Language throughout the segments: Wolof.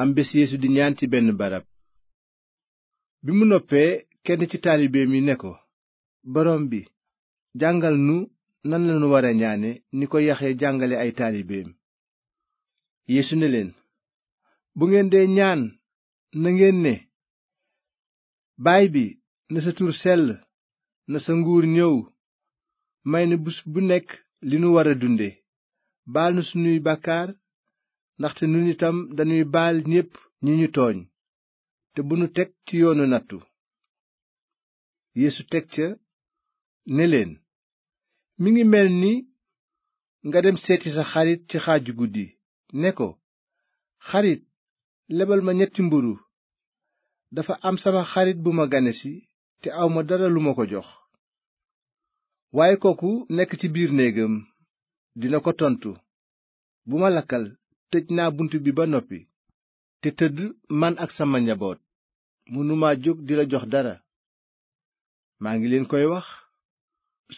am bés Yeesu di ñaan ci benn barab bi mu noppee kenn ci taalibeem yi né ko boroom bi jàngal nu nan lanu wara ñaane ni ko yaxee jàngale ay taalibeem Yeesu ne leen bu ngeen dee ñaan na ngeen ne baay bi na sa tur sell na sa nguur ñëw may nu bus bu nekk li nu wara dunde baal nu sunuy bàkkaar ndaxte nun itam dañuy baal ñépp ñi ñu tooñ te bu nu teg ci yoonu nattu yéesu teg ca ne leen mi ngi mel ni nga dem seeti sa xarit ci xaaju guddi ne ko xarit lebal ma ñetti mburu dafa am sama xarit bu ma ganesi te awma dara lu ma ko jox waaye kooku nekk ci biir néegam dina ko tontu bu ma lakkal tëj naa bunt bi ba noppi te tëdd man ak sama njaboot mënuma jóg di la jox dara maa ngi leen koy wax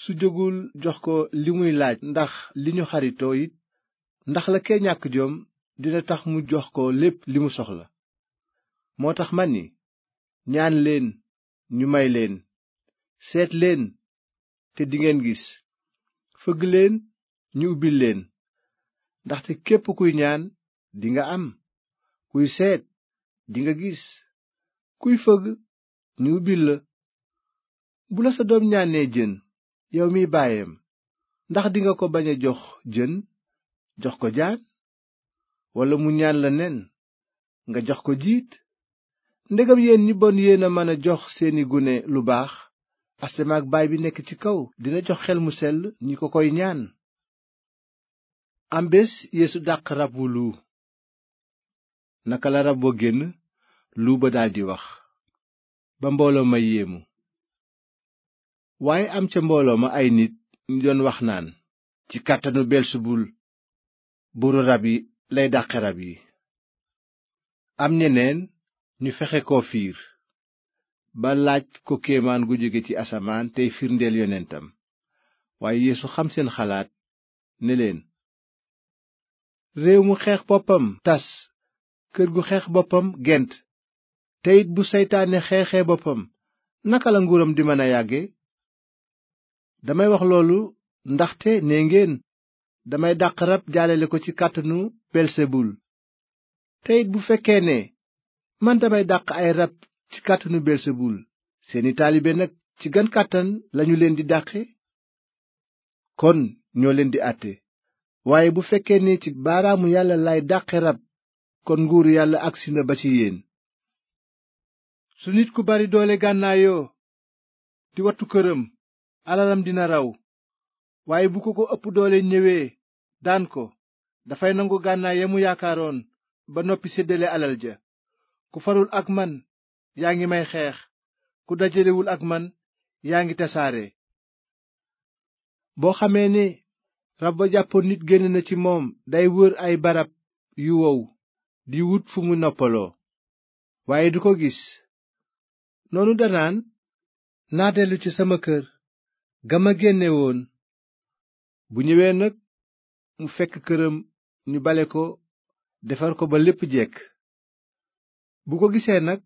su jógul jox ko li muy laaj ndax li ñu xaritoo it ndax la kee ñàkk jom dina tax mu jox ko lépp li mu soxla moo tax man ni ñaan leen ñu may leen seet leen te dingeen gis fëgg leen ñu ubbil leen ndaxte képp kuy ñaan dinga am kuy seet dinga gis kuy fëgg ñu ubbil la bu la sa doom ñaanee jën yow mi baayam ndax dinga ko bañ a jox jën jox ko jaan walla mu ñaan la nen nga jox ko jiit ndegam yéen ñi bon yéen a mën a jox seeni gune lu baax asamaak baay bi nekk ci kaw dina jox xel mu sell ñi ko koy ñaan am bés naka la rab wa génn luu ba daldi wax ba mbooloo ma yéemu waaye am ca mbooloo ma ay nit ñu doon wax naan ci kàttanu belsebul buuru rab yi lay dàqe rab yi am ñeneen ñu fexe ko fiir ba laaj ko kéemaan gu jóge ci asamaan tey firndeel yonentam waaye yeesu xam seen xalaat ne leen réew mu xeex boppam tas kër gu xeex boppam gent te bu seytaane xeexee boppam naka la nguuram di mën a yàgge damay wax loolu ndaxte nee ngeen damay dàq rab jaalale ko ci kàttanu belsebul te bu fekkee ne man damay dàq ay rab ci kàttanu belsebul seeni taalibe nag ci gan kàttan lañu leen di dàqe kon ñoo leen di àtte waaye bu fekkee ne ci yàlla laay dàqe kon nguuru yàlla agsi na ba ci yéen su nit ku bari doole gànnaayoo di wattu këram alalam dina raw waaye bu ko ko ëpp doole ñëwee daan ko dafay nangu gànnaay ya mu yaakaaroon ba noppi séddale alal ja ku farul ak man yaa ngi may xeex ku dajalewul ak man yaa ngi tasaare rab wa jàppoon nit génn na ci moom day wër ay barab yu wow di wut fu mu noppaloo waaye du ko gis noonu danaan naa dellu ci sama kër ga ma génnewoon bu ñëwee nag mu fekk këram ñu bale ko defar ko ba lépp jekk bu ko gisee nag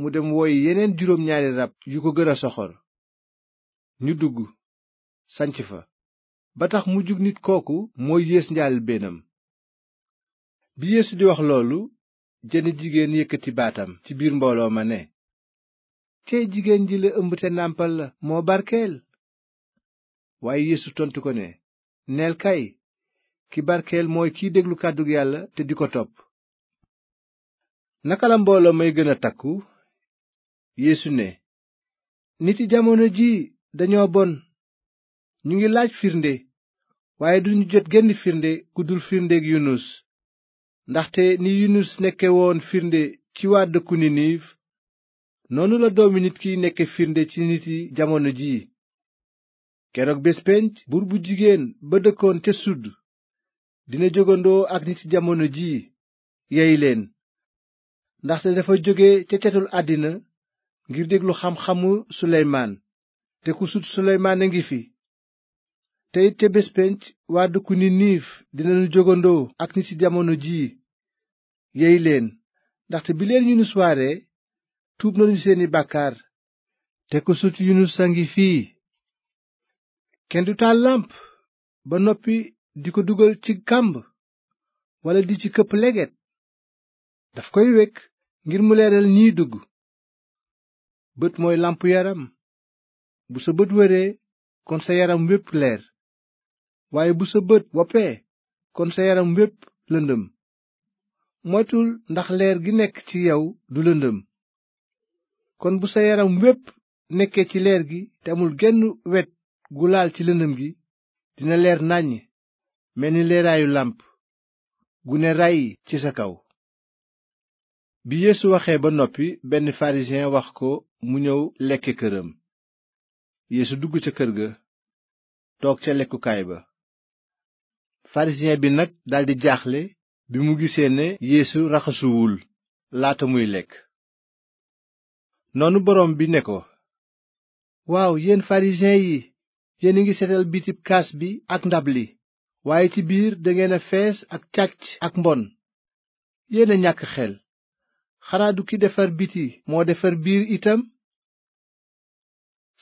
mu dem woy yeneen juróom ñaari rab yu ko gën a soxor ñu dugg sanc fa ba tax mujjug nit kooku moo yées njaalbeenam bi Yeesu di wax loolu jenn jigéen yëkkati baatam ci biir mbooloo ma ne cey jigéen ji la ëmb te nàmpal la moo barkeel waaye Yeesu tontu ko ne neel kay ki barkeel mooy kiy déglu kàddu yàlla te di ko topp naka la mbooloo may gën a takku Yeesu ne niti jamono ji dañoo bon ñu ngi laaj firnde waaye duñu jot genn firnde ku dul firndeek yunus ndaxte ni yunus nekke woon firnde ci waa dëkku niniiv noonu la doomi nit ki nekke firnde ci nit yi jamono jii keroog bés penc buur bu jigéen ba dëkkoon ca sudd dina jógandoo ak nit jamono jii yey leen ndaxte dafa jóge ca cetul àddina ngir déglu xam-xamu suleymaan te ku sut suleymaan a ngi fi te it ca bés penc waa dëkku Niniif dinañu jógandoo ak nit ci jamono jii yey leen ndaxte bi leen Yunus waaree tuub nañu seeni bàkkaar te ku sut Yunus a ngi fii kenn du taal làmp ba noppi di ko dugal ci kàmb wala di ci këpp leget daf koy wekk ngir mu leeral ñiy dugg bët mooy làmp yaram bu sa bët wëree kon sa yaram wépp leer waaye bu sa bët woppee kon sa yaram wépp lëndëm moytul ndax leer gi nekk ci yow du lëndëm kon bu sa yaram wépp nekkee ci leer gi te amul genn wet gu laal ci lëndëm gi dina leer nàññ mel ni leeraayu làmp gu ne ràyyi ci sa kaw bi yéesu waxee ba noppi benn pharisien wax ko mu ñëw lekke këram yéesu dugg ca kër ga toog ca lekkukaay ba pharisien bi nag daldi jaaxle bi mu gisee ne yéesu raxasuwul laata muy lekk noonu boroom bi ne ko waaw yéen pharisiens yi yéen a ngi setal bitib kaas bi ak ndab li waaye ci biir dangeen a fees ak càcc ak mbon yéen a ñàkk xel xanaa ki defar biti moo defar biir itam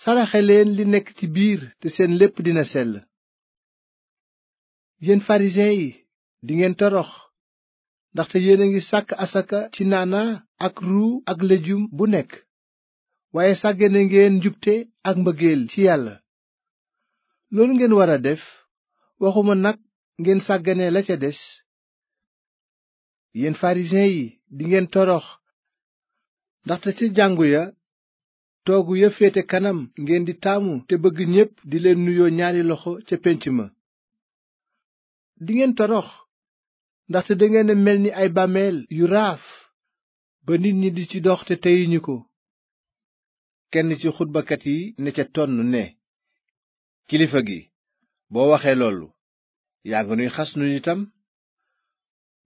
saraxe li nekk ci biir te seen lépp dina sell yéen farisiyen yi dingeen torox ndaxte yéen a ngi sàkk asaka ci naana ak ruu ak lejum bu nekk waaye sàggane ngeen njubte ak mbëggeel ci yàlla loolu ngeen war a def waxuma nag ngeen sàggane la ca des yéen farisiyen yi dingeen torox ndaxte ca jàngu ya toogu ya féete kanam ngeen di taamu te bëgg ñépp di leen nuyoo ñaari loxo ca pénc ma dingeen torox ndaxte dangeen a mel ni ay bàmmeel yu raaf ba nit ñi di ci dox te teyuñu ko kenn ci xutbakat yi ne ca tonn ne kilifa gi boo waxee loolu yaa nga nuy xas nun itam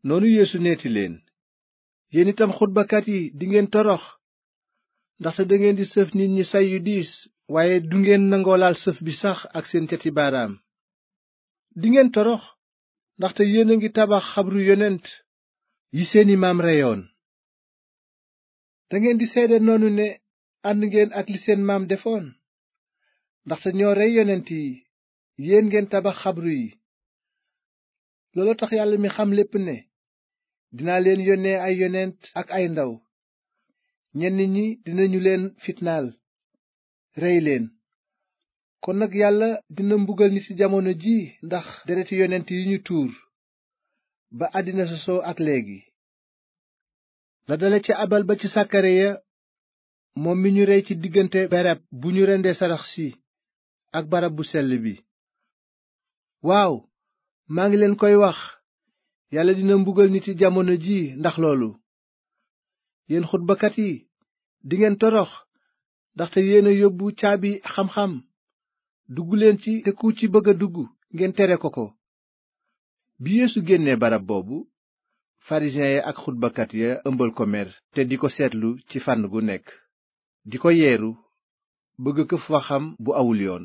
noonu yéesu neeti leen yéen itam xutbakat yi dingeen torox ndaxte dangeen di sëf nit ñi say yu diis waaye du ngeen nangoolaal sëf bi sax ak seen cati baaraam torox ndaxte yéen a ngi tabax xabru yonent yi seeni maam reyoon dangeen di seede noonu ne ànd ngeen ak li seen maam defoon ndaxte ñoo rey yonent yi yéen ngeen tabax xabru yi looloo tax yàlla mi xam lépp ne dinaa leen yónnee ay yonent ak ay ndaw ñenn ñi dinañu leen fitnaal rey leen kon nag yàlla dina mbugal nit ci jamono ji ndax dereti yonent yi ñu tuur ba àddina sosoo ak léegi la dale ci abal ba ci sakariya moom mi ñu rey ci diggante barab bu ñu rendee sarax si ak barab bu sell bi waaw maa ngi leen koy wax yàlla dina mbugal nit ci jamono ji ndax loolu yéen xutbakat yi dingeen torox ndaxte yéen yóbbu caabi xam-xam dugg leen ci te ci bëgg a dugg ngeen tere ko ko bi yeesu génnee barab boobu farisiyen ya ak xutbakat ya ëmbal ko mer te di ko seetlu ci fànn gu nekk di ko yeeru bëgg këf waxam bu awul yoon